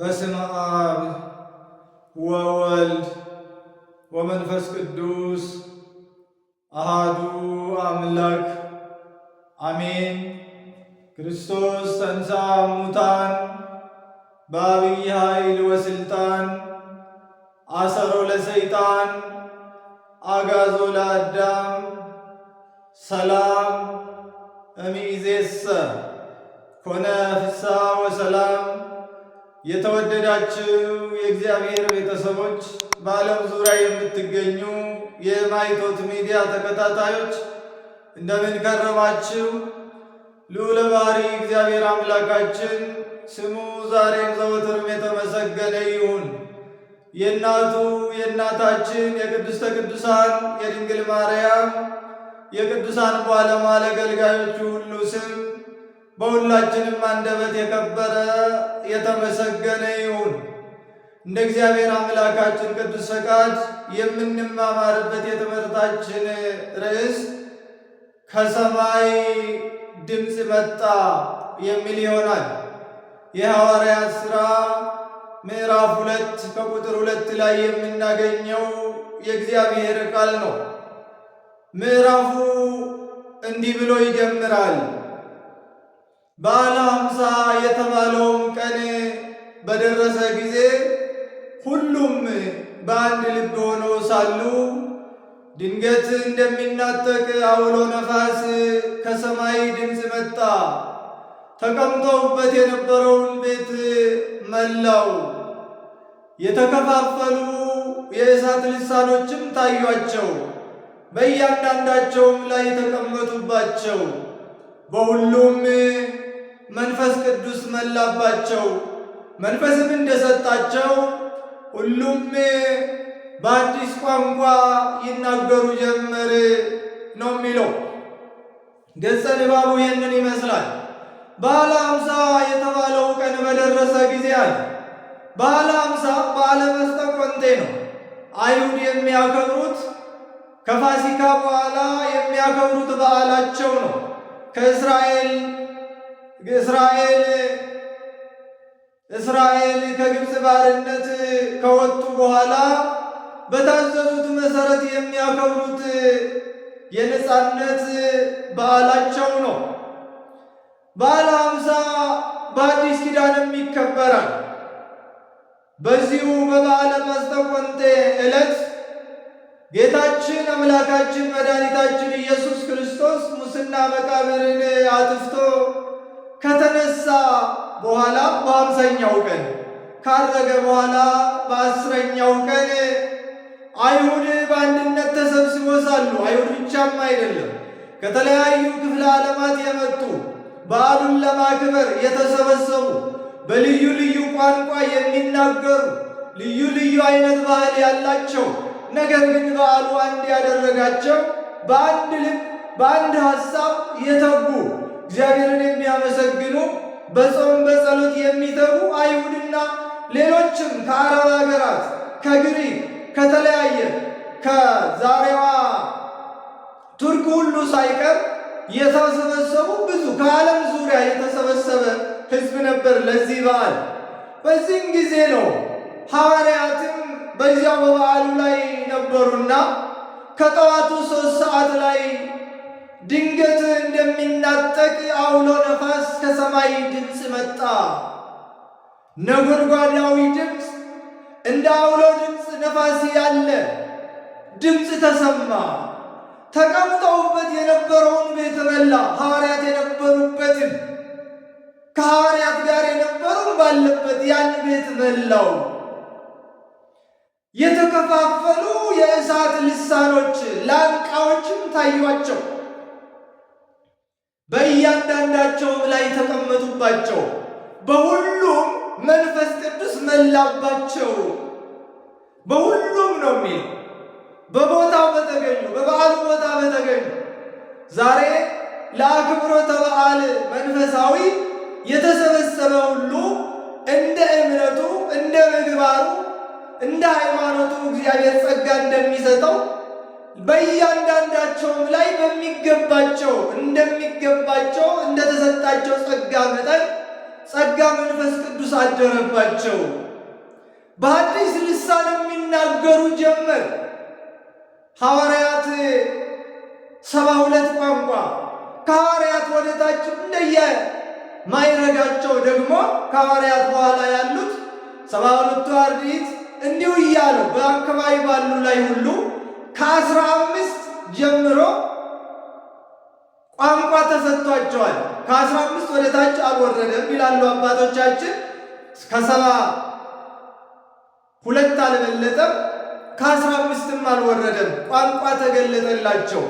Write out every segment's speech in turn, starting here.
በስመ አብ ወወልድ ወመንፈስ ቅዱስ አሃዱ አምላክ አሜን። ክርስቶስ ተንሥአ እሙታን በአብይ ኃይል ወስልጣን አሰሮ ለሰይጣን አጋዞ ለአዳም ሰላም እምይእዜሰ ኮነ ፍስሐ ወሰላም የተወደዳችሁ የእግዚአብሔር ቤተሰቦች በዓለም ዙሪያ የምትገኙ የማይቶት ሚዲያ ተከታታዮች እንደምን ከረማችሁ? ልዑለ እግዚአብሔር አምላካችን ስሙ ዛሬም ዘወትርም የተመሰገነ ይሁን። የእናቱ የእናታችን የቅድስተ ቅዱሳን የድንግል ማርያም የቅዱሳን ባለማለ አገልጋዮቹ ሁሉ ስም በሁላችንም አንደበት የከበረ የተመሰገነ ይሁን። እንደ እግዚአብሔር አምላካችን ቅዱስ ፈቃድ የምንማማርበት የትምህርታችን ርዕስ ከሰማይ ድምፅ መጣ የሚል ይሆናል። የሐዋርያት ሥራ ምዕራፍ ሁለት ከቁጥር ሁለት ላይ የምናገኘው የእግዚአብሔር ቃል ነው። ምዕራፉ እንዲህ ብሎ ይጀምራል። በዓለ ሃምሳ የተባለውም ቀን በደረሰ ጊዜ ሁሉም በአንድ ልብ ሆነው ሳሉ ድንገት እንደሚናጠቅ አውሎ ነፋስ ከሰማይ ድምፅ መጣ። ተቀምጠውበት የነበረውን ቤት መላው። የተከፋፈሉ የእሳት ልሳኖችም ታዩአቸው፣ በእያንዳንዳቸውም ላይ ተቀመጡባቸው። በሁሉም መንፈስ ቅዱስ መላባቸው፣ መንፈስም እንደሰጣቸው ሁሉም በአዲስ ቋንቋ ይናገሩ ጀመር ነው የሚለው ገጸ ንባቡ ይህንን ይመስላል። በዓለ ሃምሳ የተባለው ቀን በደረሰ ጊዜ አለ። በዓለ ሃምሳ በዓለ መስጠቆንጤ ነው። አይሁድ የሚያከብሩት ከፋሲካ በኋላ የሚያከብሩት በዓላቸው ነው። ከእስራኤል እስራኤል እስራኤል ከግብፅ ባርነት ከወጡ በኋላ በታዘዙት መሰረት የሚያከብሩት የነፃነት በዓላቸው ነው። በዓለ ሃምሳ በአዲስ ኪዳንም ይከበራል። በዚሁ በበዓለ ጰንጤቆስጤ ዕለት ጌታችን አምላካችን መድኃኒታችን ኢየሱስ ክርስቶስ ሙስና መቃብርን አጥፍቶ ከተነሳ በኋላ በአምሳኛው ቀን ካረገ በኋላ በአስረኛው ቀን አይሁድ በአንድነት ተሰብስበው ሳሉ አይሁድ ብቻም አይደለም ከተለያዩ ክፍለ ዓለማት የመጡ በዓሉን ለማክበር የተሰበሰቡ በልዩ ልዩ ቋንቋ የሚናገሩ ልዩ ልዩ አይነት ባህል ያላቸው ነገር ግን በዓሉ አንድ ያደረጋቸው በአንድ ልብ በአንድ ሐሳብ የተጉ እግዚአብሔርን የሚያመሰግኑ በጾም በጸሎት የሚተጉ አይሁድና ሌሎችም ከአረብ ሀገራት ከግሪክ ከተለያየ ከዛሬዋ ቱርክ ሁሉ ሳይቀር የተሰበሰቡ ብዙ ከዓለም ዙሪያ የተሰበሰበ ሕዝብ ነበር ለዚህ በዓል። በዚህም ጊዜ ነው ሐዋርያትም በዚያው በበዓሉ ላይ ነበሩና ከጠዋቱ ሦስት ሰዓት ላይ ድንገት እንደሚናጠቅ አውሎ ነፋስ ከሰማይ ድምፅ መጣ። ነጎድጓዳዊ ድምፅ እንደ አውሎ ድምፅ ነፋስ ያለ ድምፅ ተሰማ። ተቀምጠውበት የነበረውን ቤት በላ። ሐዋርያት የነበሩበትን ከሐዋርያት ጋር የነበሩ ባለበት ያን ቤት መላው የተከፋፈሉ የእሳት ልሳኖች ላንቃዎችም ታዩአቸው። በእያንዳንዳቸውም ላይ ተቀመጡባቸው፣ በሁሉም መንፈስ ቅዱስ መላባቸው። በሁሉም ነው የሚል በቦታው በተገኙ በበዓሉ ቦታ በተገኙ ዛሬ ለአክብሮተ በዓል መንፈሳዊ የተሰበሰበ ሁሉ እንደ እምነቱ እንደ ምግባሩ እንደ ሃይማኖቱ እግዚአብሔር ጸጋ እንደሚሰጠው በእያንዳንዳቸውም ላይ በሚገባቸው እንደሚገባቸው እንደተሰጣቸው ጸጋ መጠን ጸጋ መንፈስ ቅዱስ አደረባቸው። በአዲስ ልሳን የሚናገሩ ጀመር። ሐዋርያት ሰባ ሁለት ቋንቋ ከሐዋርያት ወደታች እንደየ ማይረጋቸው ደግሞ ከሐዋርያት በኋላ ያሉት ሰባ ሁለቱ አርድእት እንዲሁ እያሉ በአካባቢ ባሉ ላይ ሁሉ ከአስራ አምስት ጀምሮ ቋንቋ ተሰጥቷቸዋል። ከአስራ አምስት ወደ ታች አልወረደም ይላሉ አባቶቻችን። ከሰባ ሁለት አልበለጠም፣ ከአስራ አምስትም አልወረደም። ቋንቋ ተገለጠላቸው።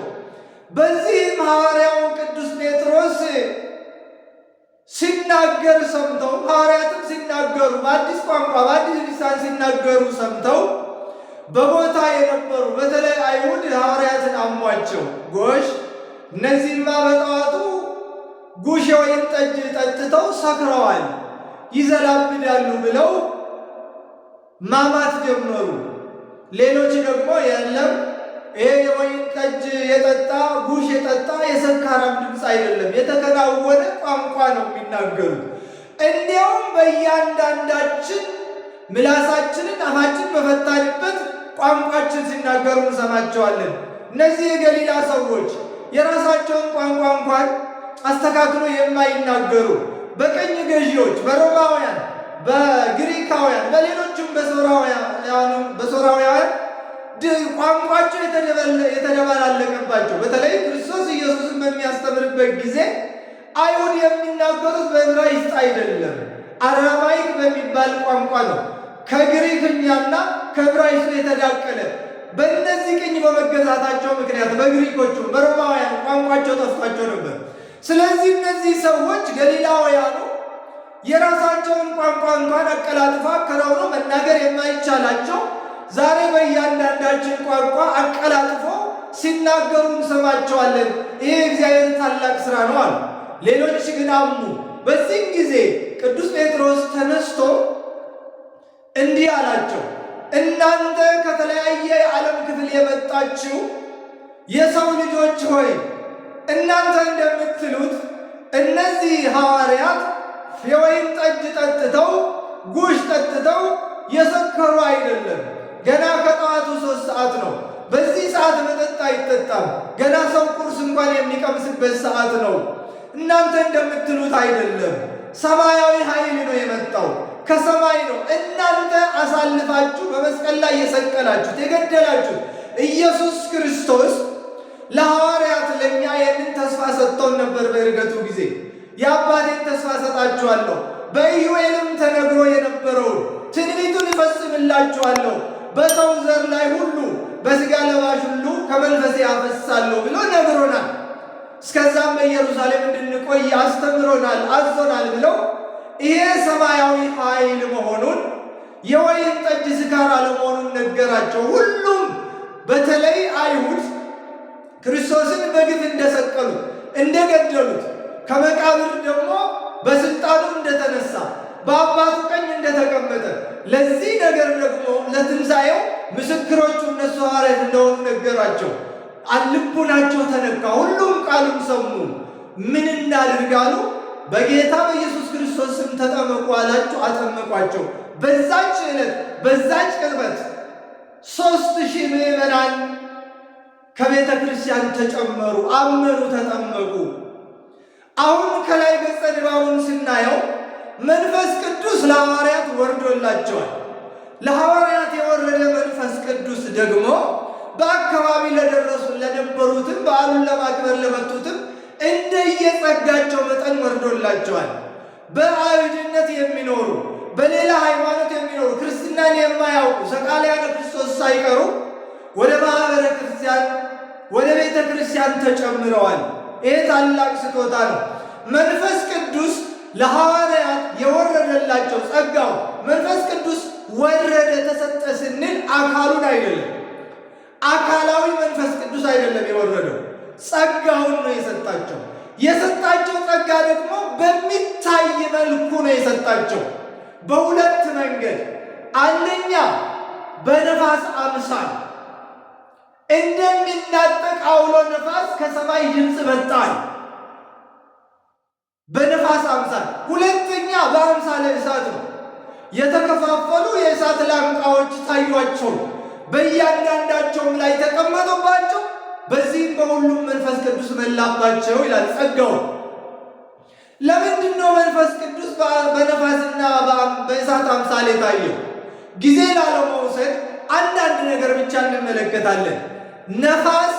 በዚህም ሐዋርያው ቅዱስ ጴጥሮስ ሲናገር ሰምተው ሐዋርያትም ሲናገሩ በአዲስ ቋንቋ በአዲስ ልሳን ሲናገሩ ሰምተው በቦታ የነበሩ በተለይ አይሁድ ሐዋርያትን አሟቸው። ጎሽ እነዚህማ በጠዋቱ ጉሽ የወይን ጠጅ ጠጥተው ሰክረዋል፣ ይዘላብዳሉ ብለው ማማት ጀመሩ። ሌሎች ደግሞ የለም ይሄ የወይን ጠጅ የጠጣ ጉሽ የጠጣ የሰካራም ድምፅ አይደለም፣ የተከናወነ ቋንቋ ነው የሚናገሩት። እንዲያውም በእያንዳንዳችን ምላሳችንን አፋችን በፈታንበት ቋንቋችን ሲናገሩ እንሰማቸዋለን። እነዚህ የገሊላ ሰዎች የራሳቸውን ቋንቋ እንኳን አስተካክሎ የማይናገሩ በቀኝ ገዢዎች፣ በሮማውያን፣ በግሪካውያን፣ በሌሎችም በሶራውያን ቋንቋቸው የተደባላለቀባቸው በተለይ ክርስቶስ ኢየሱስን በሚያስተምርበት ጊዜ አይሁድ የሚናገሩት በዕብራይስጥ አይደለም፣ አረማይክ በሚባል ቋንቋ ነው ከግሪክኛና ከዕብራይስጡ የተዳቀለ በእነዚህ ቅኝ በመገዛታቸው ምክንያት በግሪኮቹ በሮማውያን ቋንቋቸው ጠፍቷቸው ነበር። ስለዚህ እነዚህ ሰዎች ገሊላውያኑ የራሳቸውን ቋንቋ እንኳን አቀላጥፎ አከናውኖ መናገር የማይቻላቸው ዛሬ በእያንዳንዳችን ቋንቋ አቀላጥፎ ሲናገሩ እንሰማቸዋለን። ይሄ እግዚአብሔር ታላቅ ስራ ነው አሉ። ሌሎች ግን አሙ። በዚህም ጊዜ ቅዱስ ጴጥሮስ ተነስቶ እንዲህ አላቸው እናንተ ከተለያየ የዓለም ክፍል የመጣችሁ የሰው ልጆች ሆይ እናንተ እንደምትሉት እነዚህ ሐዋርያት የወይን ጠጅ ጠጥተው ጉሽ ጠጥተው የሰከሩ አይደለም። ገና ከጠዋቱ ሶስት ሰዓት ነው። በዚህ ሰዓት መጠጥ አይጠጣም። ገና ሰው ቁርስ እንኳን የሚቀምስበት ሰዓት ነው። እናንተ እንደምትሉት አይደለም። ሰማያዊ ኃይል ነው የመጣው ከሰማይ ነው። እናንተ አሳልፋችሁ በመስቀል ላይ የሰቀላችሁት የገደላችሁት ኢየሱስ ክርስቶስ ለሐዋርያት ለእኛ ይህንን ተስፋ ሰጥተውን ነበር። በእርገቱ ጊዜ የአባቴን ተስፋ ሰጣችኋለሁ፣ በኢዩኤልም ተነግሮ የነበረውን ትንቢቱን እፈጽምላችኋለሁ፣ በሰው ዘር ላይ ሁሉ በሥጋ ለባሽ ሁሉ ከመንፈሴ አፈሳለሁ ብሎ ነግሮናል። እስከዛም በኢየሩሳሌም እንድንቆይ አስተምሮናል፣ አዞናል ብለው ይህ ሰማያዊ ኃይል መሆኑን የወይን ጠጅ ስካር አለመሆኑን ነገራቸው። ሁሉም በተለይ አይሁድ ክርስቶስን በግፍ እንደሰቀሉት እንደገደሉት፣ ከመቃብር ደግሞ በስልጣኑ እንደተነሳ በአባቱ ቀኝ እንደተቀመጠ ለዚህ ነገር ደግሞ ለትንሣኤው ምስክሮቹ እነሱ ሐዋርያት እንደሆኑ ነገራቸው። አልቡናቸው ተነካ። ሁሉም ቃሉን ሰሙ። ምን እናድርጋሉ? በጌታ በኢየሱስ ክርስቶስ ስም ተጠመቁ አላችሁ፣ አጠመቋቸው። በዛች ዕለት በዛች ቅርበት ሦስት ሺህ ምዕመናን ከቤተ ክርስቲያን ተጨመሩ፣ አመኑ፣ ተጠመቁ። አሁን ከላይ ገጸ ድባቡን ስናየው መንፈስ ቅዱስ ለሐዋርያት ወርዶላቸዋል። ለሐዋርያት የወረደ መንፈስ ቅዱስ ደግሞ በአካባቢ ለደረሱ ለነበሩትም በዓሉን ለማክበር ለመጡትም እንደየጸጋቸው መጠን ወርዶላቸዋል። በአይሁድነት የሚኖሩ በሌላ ሃይማኖት የሚኖሩ ክርስትናን የማያውቁ ሰቃልያነ ክርስቶስ ሳይቀሩ ወደ ማኅበረ ክርስቲያን ወደ ቤተ ክርስቲያን ተጨምረዋል። ይህ ታላቅ ስጦታ ነው። መንፈስ ቅዱስ ለሐዋርያት የወረደላቸው ጸጋው መንፈስ ቅዱስ ወረደ ተሰጠ ስንል አካሉን አይደለም፣ አካላዊ መንፈስ ቅዱስ አይደለም የወረደው ጸጋውን ነው የሰጣቸው። የሰጣቸው ጸጋ ደግሞ በሚታይ መልኩ ነው የሰጣቸው። በሁለት መንገድ፣ አንደኛ በነፋስ አምሳል እንደሚናጠቅ አውሎ ነፋስ ከሰማይ ድምፅ መጣል በነፋስ አምሳል። ሁለተኛ በአምሳለ እሳት ነው። የተከፋፈሉ የእሳት ላንቃዎች ታዩቸው፣ በእያንዳንዳቸውም ላይ ተቀመጡባቸው። በዚህም በሁሉም መንፈስ ቅዱስ መላባቸው ይላል። ጸጋው ለምንድን ነው መንፈስ ቅዱስ በነፋስና በእሳት አምሳል ታየ ጊዜ ላለመውሰድ አንዳንድ ነገር ብቻ እንመለከታለን። ነፋስ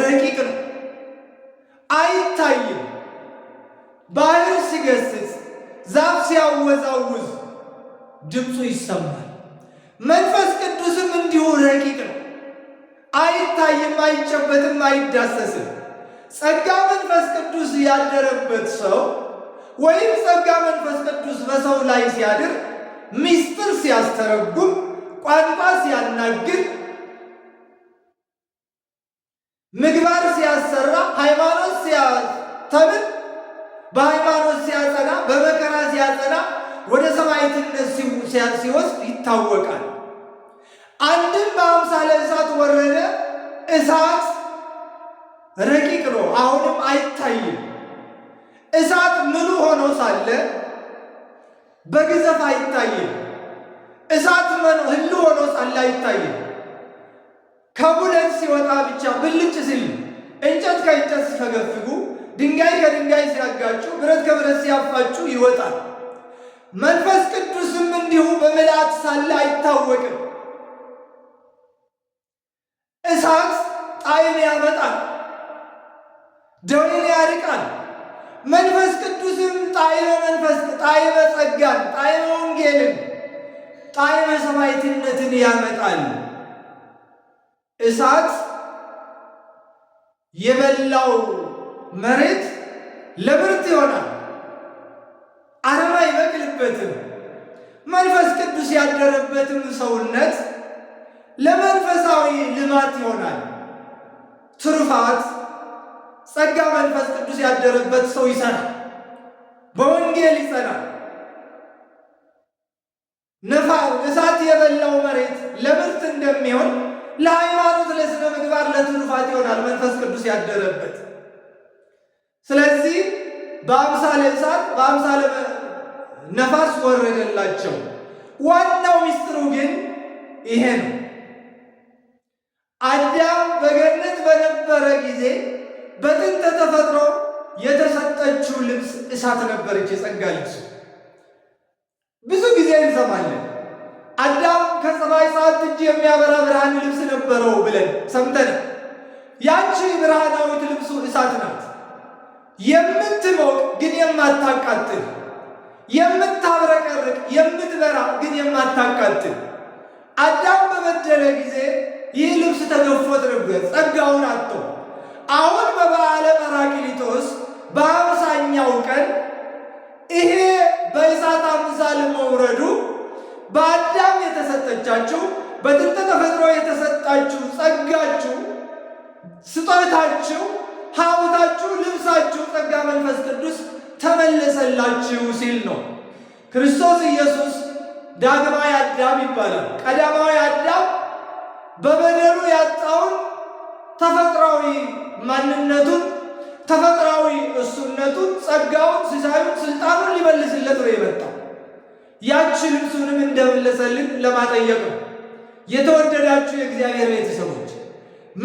ረቂቅ ነው፣ አይታይም። ባህር ሲገስጽ፣ ዛፍ ሲያወዛውዝ ድምፁ ይሰማል። መንፈስ ቅዱስም እንዲሁ ረቂቅ ነው። አይታይም፣ አይጨበትም፣ አይዳሰስም። ጸጋ መንፈስ ቅዱስ ያደረበት ሰው ወይም ጸጋ መንፈስ ቅዱስ በሰው ላይ ሲያድር ምስጢር ሲያስተረጉም፣ ቋንቋ ሲያናግር፣ ምግባር ሲያሰራ፣ ሃይማኖት ሲያስተምር፣ በሃይማኖት ሲያጸና፣ በመከራ ሲያጸና፣ ወደ ሰማዕትነት ሲወስድ ይታወቃል። አንድም በአምሳለ እሳት ወረደ። እሳት ረቂቅ ነው፣ አሁንም አይታይም። እሳት ምኑ ሆኖ ሳለ በግዘፍ አይታይም። እሳት ህሉ ሆኖ ሳለ አይታይም። ከቡለን ሲወጣ ብቻ ብልጭ ሲል እንጨት ከእንጨት ሲፈገፍጉ፣ ድንጋይ ከድንጋይ ሲያጋጩ፣ ብረት ከብረት ሲያፋጩ ይወጣል። መንፈስ ቅዱስም እንዲሁ በምልአት ሳለ አይታወቅም። እሳት ጣዕም ያመጣል፣ ደዌን ያርቃል። መንፈስ ቅዱስም ጣዕመ መንፈስ ጣዕመ ጸጋን፣ ጣዕመ ወንጌልን፣ ጣዕመ ሰማዕትነትን ያመጣል። እሳት የበላው መሬት ለምርት ይሆናል፣ አረም አይበቅልበትም። መንፈስ ቅዱስ ያደረበትም ሰውነት ለመንፈሳዊ ልማት ይሆናል። ትሩፋት ጸጋ መንፈስ ቅዱስ ያደረበት ሰው ይሰራል፣ በወንጌል ይጸናል። ነፋስ እሳት የበላው መሬት ለምርት እንደሚሆን ለሃይማኖት፣ ለስነ ምግባር፣ ለትሩፋት ይሆናል መንፈስ ቅዱስ ያደረበት። ስለዚህ በአምሳለ እሳት በአምሳለ ነፋስ ወረደላቸው። ዋናው ሚስጥሩ ግን ይሄ ነው። አዳም በገነት በነበረ ጊዜ በጥንተ ተፈጥሮ የተሰጠችው ልብስ እሳት ነበረች፣ የጸጋ ልብስ። ብዙ ጊዜ እንሰማለን አዳም ከፀሐይ ሰዓት እጅ የሚያበራ ብርሃን ልብስ ነበረው ብለን ሰምተን፣ ያቺ ብርሃናዊት ልብሱ እሳት ናት፣ የምትሞቅ ግን የማታቃጥል፣ የምታብረቀርቅ፣ የምትበራ ግን የማታቃጥል አዳም በበደለ ጊዜ ይህ ልብስ ተገፎት ነበር፣ ጸጋውን አጥቶ። አሁን በበዓለ ጰራቅሊጦስ በአምሳኛው ቀን ይሄ በእሳት አምሳል መውረዱ በአዳም የተሰጠቻችሁ በጥንተ ተፈጥሮ የተሰጣችሁ ጸጋችሁ፣ ስጦታችሁ፣ ሀብታችሁ፣ ልብሳችሁ፣ ጸጋ መንፈስ ቅዱስ ተመለሰላችሁ ሲል ነው ክርስቶስ ኢየሱስ ዳግማዊ አዳም ይባላል። ቀዳማዊ አዳም በበደሉ ያጣውን ተፈጥሯዊ ማንነቱን ተፈጥሯዊ እሱነቱን፣ ጸጋውን፣ ሲሳዩን፣ ስልጣኑን ሊመልስለት ነው የመጣው። ያቺ ልብሱንም እንደመለሰልን ለማጠየቅ ነው። የተወደዳችሁ የእግዚአብሔር ቤተሰቦች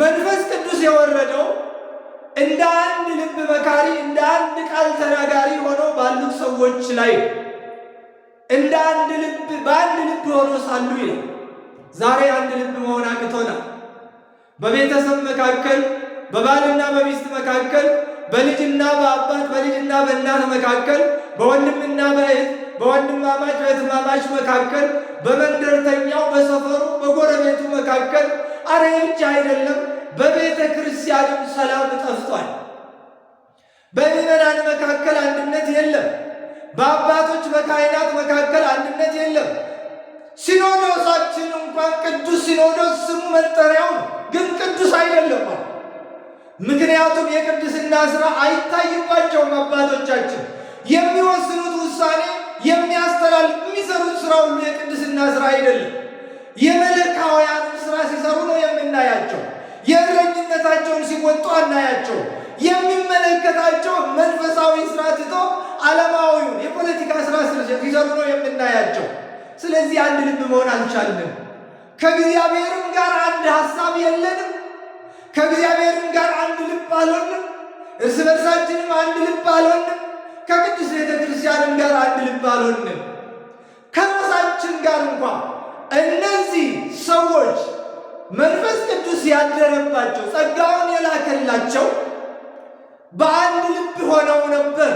መንፈስ ቅዱስ የወረደው እንደ አንድ ልብ መካሪ እንደ አንድ ቃል ተናጋሪ ሆነው ባሉት ሰዎች ላይ እንደ አንድ ልብ በአንድ ልብ ሆኖ ሳሉ ይላል። ዛሬ አንድ ልብ መሆን አቅቶናል። በቤተሰብ መካከል፣ በባልና በሚስት መካከል፣ በልጅና በአባት በልጅና በእናት መካከል፣ በወንድምና በእህት በወንድማማች በእህትማማች መካከል፣ በመንደርተኛው፣ በሰፈሩ፣ በጎረቤቱ መካከል አረ ብቻ አይደለም በቤተ ክርስቲያንም ሰላም ጠፍቷል። በምዕመናን መካከል አንድነት የለም። በአባቶች በካህናት መካከል አንድነት የለም። ሲኖዶሳችን እንኳን ቅዱስ ሲኖዶስ ስሙ መጠሪያው ነው፣ ግን ቅዱስ አይደለም። ምክንያቱም የቅድስና ስራ አይታይባቸውም። አባቶቻችን የሚወስኑት ውሳኔ የሚያስተላልፍ የሚሰሩት ስራ ሁሉ የቅድስና ስራ አይደለም። የመለካውያን ስራ ሲሰሩ ነው የምናያቸው። የእረኝነታቸውን ሲወጡ አናያቸው። የሚመለከታቸው መንፈሳዊ ስራ ትቶ ዓለማዊውን የፖለቲካ ስራ ሲሰሩ ነው የምናያቸው። ስለዚህ አንድ ልብ መሆን አልቻልንም። ከእግዚአብሔርም ጋር አንድ ሀሳብ የለንም። ከእግዚአብሔርም ጋር አንድ ልብ አልሆንም። እርስ በርሳችንም አንድ ልብ አልሆንም። ከቅዱስ ቤተ ክርስቲያንም ጋር አንድ ልብ አልሆንም። ከራሳችን ጋር እንኳ እነዚህ ሰዎች መንፈስ ቅዱስ ያደረባቸው ጸጋውን የላከላቸው በአንድ ልብ ሆነው ነበር።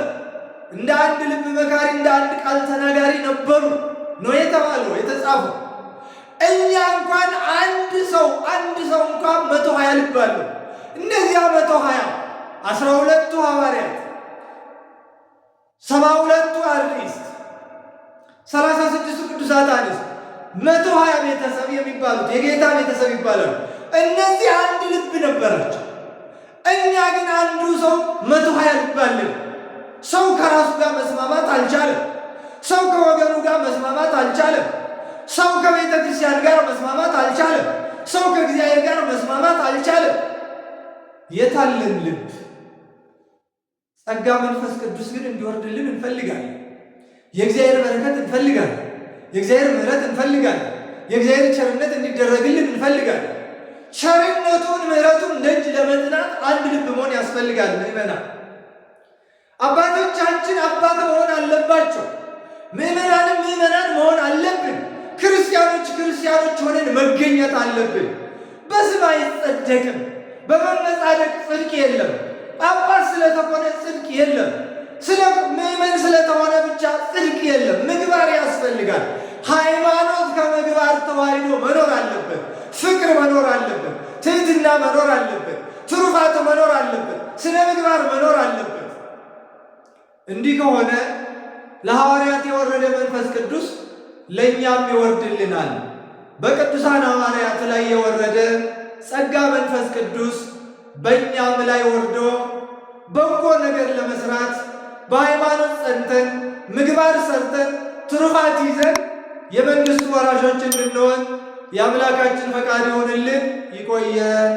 እንደ አንድ ልብ መካሪ፣ እንደ አንድ ቃል ተናጋሪ ነበሩ ነው የተባሉ የተጻፉ። እኛ እንኳን አንድ ሰው አንድ ሰው እንኳን መቶ ሀያ ልብ አለ። እነዚያ መቶ ሀያ አስራ ሁለቱ ሐዋርያት፣ ሰባ ሁለቱ አርቲስት፣ ሰላሳ ስድስቱ ቅዱሳት አንስት፣ መቶ ሀያ ቤተሰብ የሚባሉት የጌታ ቤተሰብ ይባላሉ። እነዚህ አንድ ልብ ነበራቸው። እኛ ግን አንዱ ሰው መቶ ሀያ ልባለን። ሰው ከራሱ ጋር መስማማት አልቻለም። ሰው ከወገኑ ጋር መስማማት አልቻለም። ሰው ከቤተ ክርስቲያን ጋር መስማማት አልቻለም። ሰው ከእግዚአብሔር ጋር መስማማት አልቻለም። የታለን ልብ? ጸጋ መንፈስ ቅዱስ ግን እንዲወርድልን እንፈልጋለን። የእግዚአብሔር በረከት እንፈልጋለን። የእግዚአብሔር ምሕረት እንፈልጋለን። የእግዚአብሔር ቸርነት እንዲደረግልን እንፈልጋለን። ቸርነቱን ምሕረቱን ደጅ ለመዝናት አንድ ልብ መሆን ያስፈልጋል። ምዕመናን አባቶቻችን አባት መሆን አለባቸው። ምእመናንም ምዕመናን መሆን አለብን። ክርስቲያኖች ክርስቲያኖች ሆነን መገኘት አለብን። በስም አይጸደቅም። በመመጻደቅ ጽድቅ የለም። ጳጳስ ስለተሆነ ጽድቅ የለም። ስለ ምዕመን ስለተሆነ ብቻ ጽድቅ የለም። ምግባር ያስፈልጋል። ሃይማኖት ከምግባር ተዋህዶ መኖር አለበት። ትህትና መኖር አለበት። ትሩፋት መኖር አለበት። ስነ ምግባር መኖር አለበት። እንዲህ ከሆነ ለሐዋርያት የወረደ መንፈስ ቅዱስ ለእኛም ይወርድልናል። በቅዱሳን ሐዋርያት ላይ የወረደ ጸጋ መንፈስ ቅዱስ በእኛም ላይ ወርዶ በጎ ነገር ለመስራት በሃይማኖት ጸንተን ምግባር ሰርተን ትሩፋት ይዘን የመንግሥቱ ወራሾች እንድንሆን የአምላካችን ፈቃድ ይሆንልን። ይቆየን።